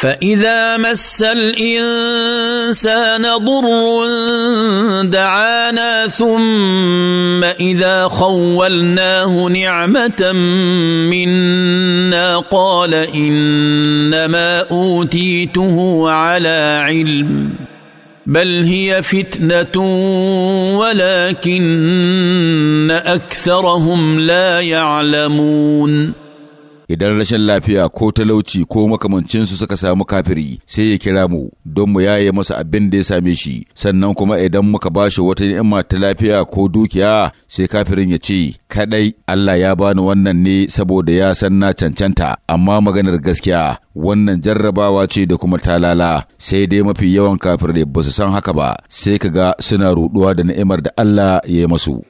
فإذا مس الإنسان ضر دعانا ثم إذا خولناه نعمة منا قال إنما أوتيته على علم بل هي فتنة ولكن أكثرهم لا يعلمون idan rashin lafiya ko talauci ko makamancinsu suka samu kafiri sai ya kira mu don mu yaye masa abin da ya same shi sannan kuma idan muka ba shi wata ni'ima ta lafiya ko dukiya sai kafirin ya ce kadai Allah ya bani wannan ne saboda ya san na cancanta amma maganar gaskiya wannan jarrabawa ce da kuma talala sai dai mafi yawan kafirai ba su san haka ba sai ka ga suna ruɗuwa da ni'imar da Allah ya yi masu